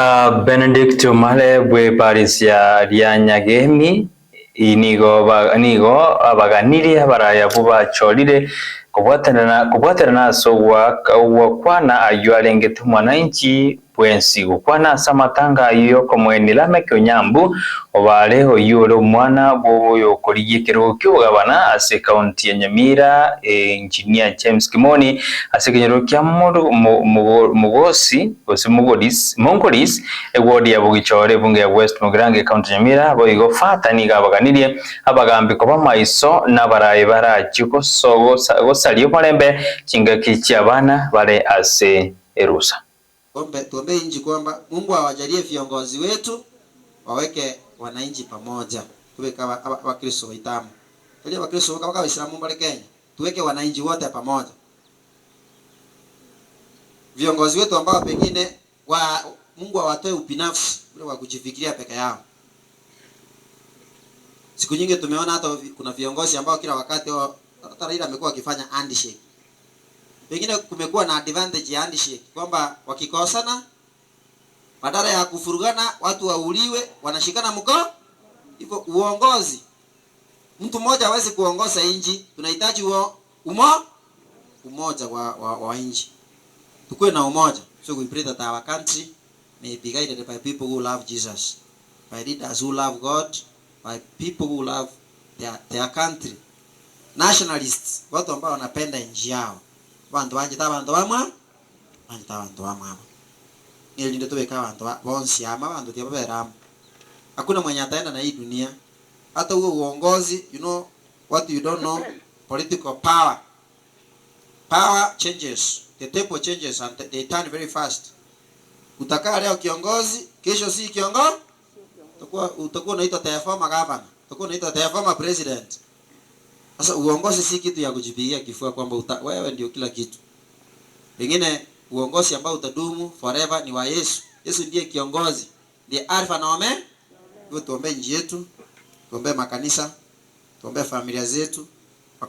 benedict benedicto malebwe parisia lyanyagemi inigo ba, nigo abaganiri abaraya bubacholire kubwaterana kubwaterana so wakwana wa ayualengete mwananchi kwensi kwana samatanga yoko mweni mwenilame kyonyambu obaleho yolo omwana bwoboyokorigiekero kyobogabana ase kaunti ya nyamira engineer james kimoni ase kenyero kia mogosi gose mongoris ewodi ya bugichore bunge ya west mogirange kaunti ya nyamira fata boigo na abaganirie abagambiko chiko nabarayi barachi gosaria oborembe chingaki chia abana bare ase erusa ombe tuombe nchi kwamba Mungu awajalie viongozi wetu waweke wananchi pamoja. Tuwe kama Wakristo waitamu Ili Wakristo kama kama Waislamu mbele Kenya, tuweke wananchi wote pamoja. Viongozi wetu ambao pengine wa Mungu awatoe ubinafsi ule wa kujifikiria peke yao. Siku nyingi tumeona hata kuna viongozi ambao kila wakati wao Raila amekuwa akifanya handshake. Pengine kumekuwa na advantage ya handshake kwamba wakikosana badala ya kufurugana watu wauliwe, wanashikana mkono. Hivyo uongozi, mtu mmoja hawezi kuongoza nchi. Tunahitaji umo umoja wa, wa, wa nchi, tukuwe na umoja so we pray that our country may be guided by people who love Jesus, by leaders who love God, by people who love their, their country, nationalists, watu ambao wanapenda nchi yao bantu bachita bantu bamwe bachita bantu bamwe aba nilinde tuweka bantu bonsi ama bantu tia baberamo hakuna mwenye ataenda na hii dunia hata huo uongozi you know what you don't know political power power changes the tempo changes and they turn very fast utakaa leo kiongozi kesho si kiongozi utakuwa utakuwa unaitwa tayafoma magavana utakuwa unaitwa tayafoma president sasa uongozi si kitu ya kujipigia kifua kwamba uta, wewe ndio kila kitu. Pengine uongozi ambao utadumu forever ni wa Yesu. Yesu ndiye kiongozi, ndiye Alfa na Omega. Tuombee nchi yetu, tuombee makanisa, tuombee familia zetu.